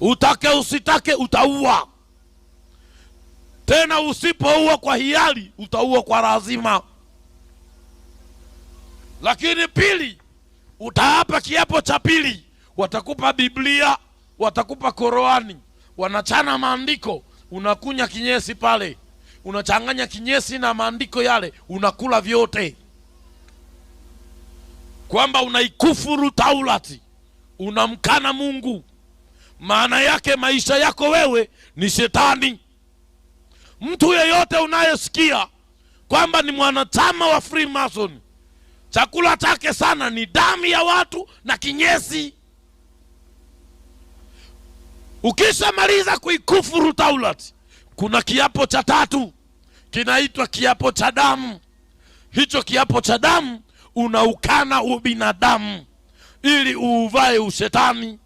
Utake usitake utaua. Tena usipoua kwa hiari utaua kwa lazima. Lakini pili, utaapa kiapo cha pili. Watakupa Biblia, watakupa Korani, wanachana maandiko, unakunya kinyesi pale, unachanganya kinyesi na maandiko yale, unakula vyote, kwamba unaikufuru Taurati, unamkana Mungu maana yake maisha yako wewe ni shetani. Mtu yeyote unayesikia kwamba ni mwanachama wa Freemason, chakula chake sana ni damu ya watu na kinyesi. Ukishamaliza kuikufuru Taulat, kuna kiapo cha tatu kinaitwa kiapo cha damu. Hicho kiapo cha damu unaukana ubinadamu ili uuvae ushetani.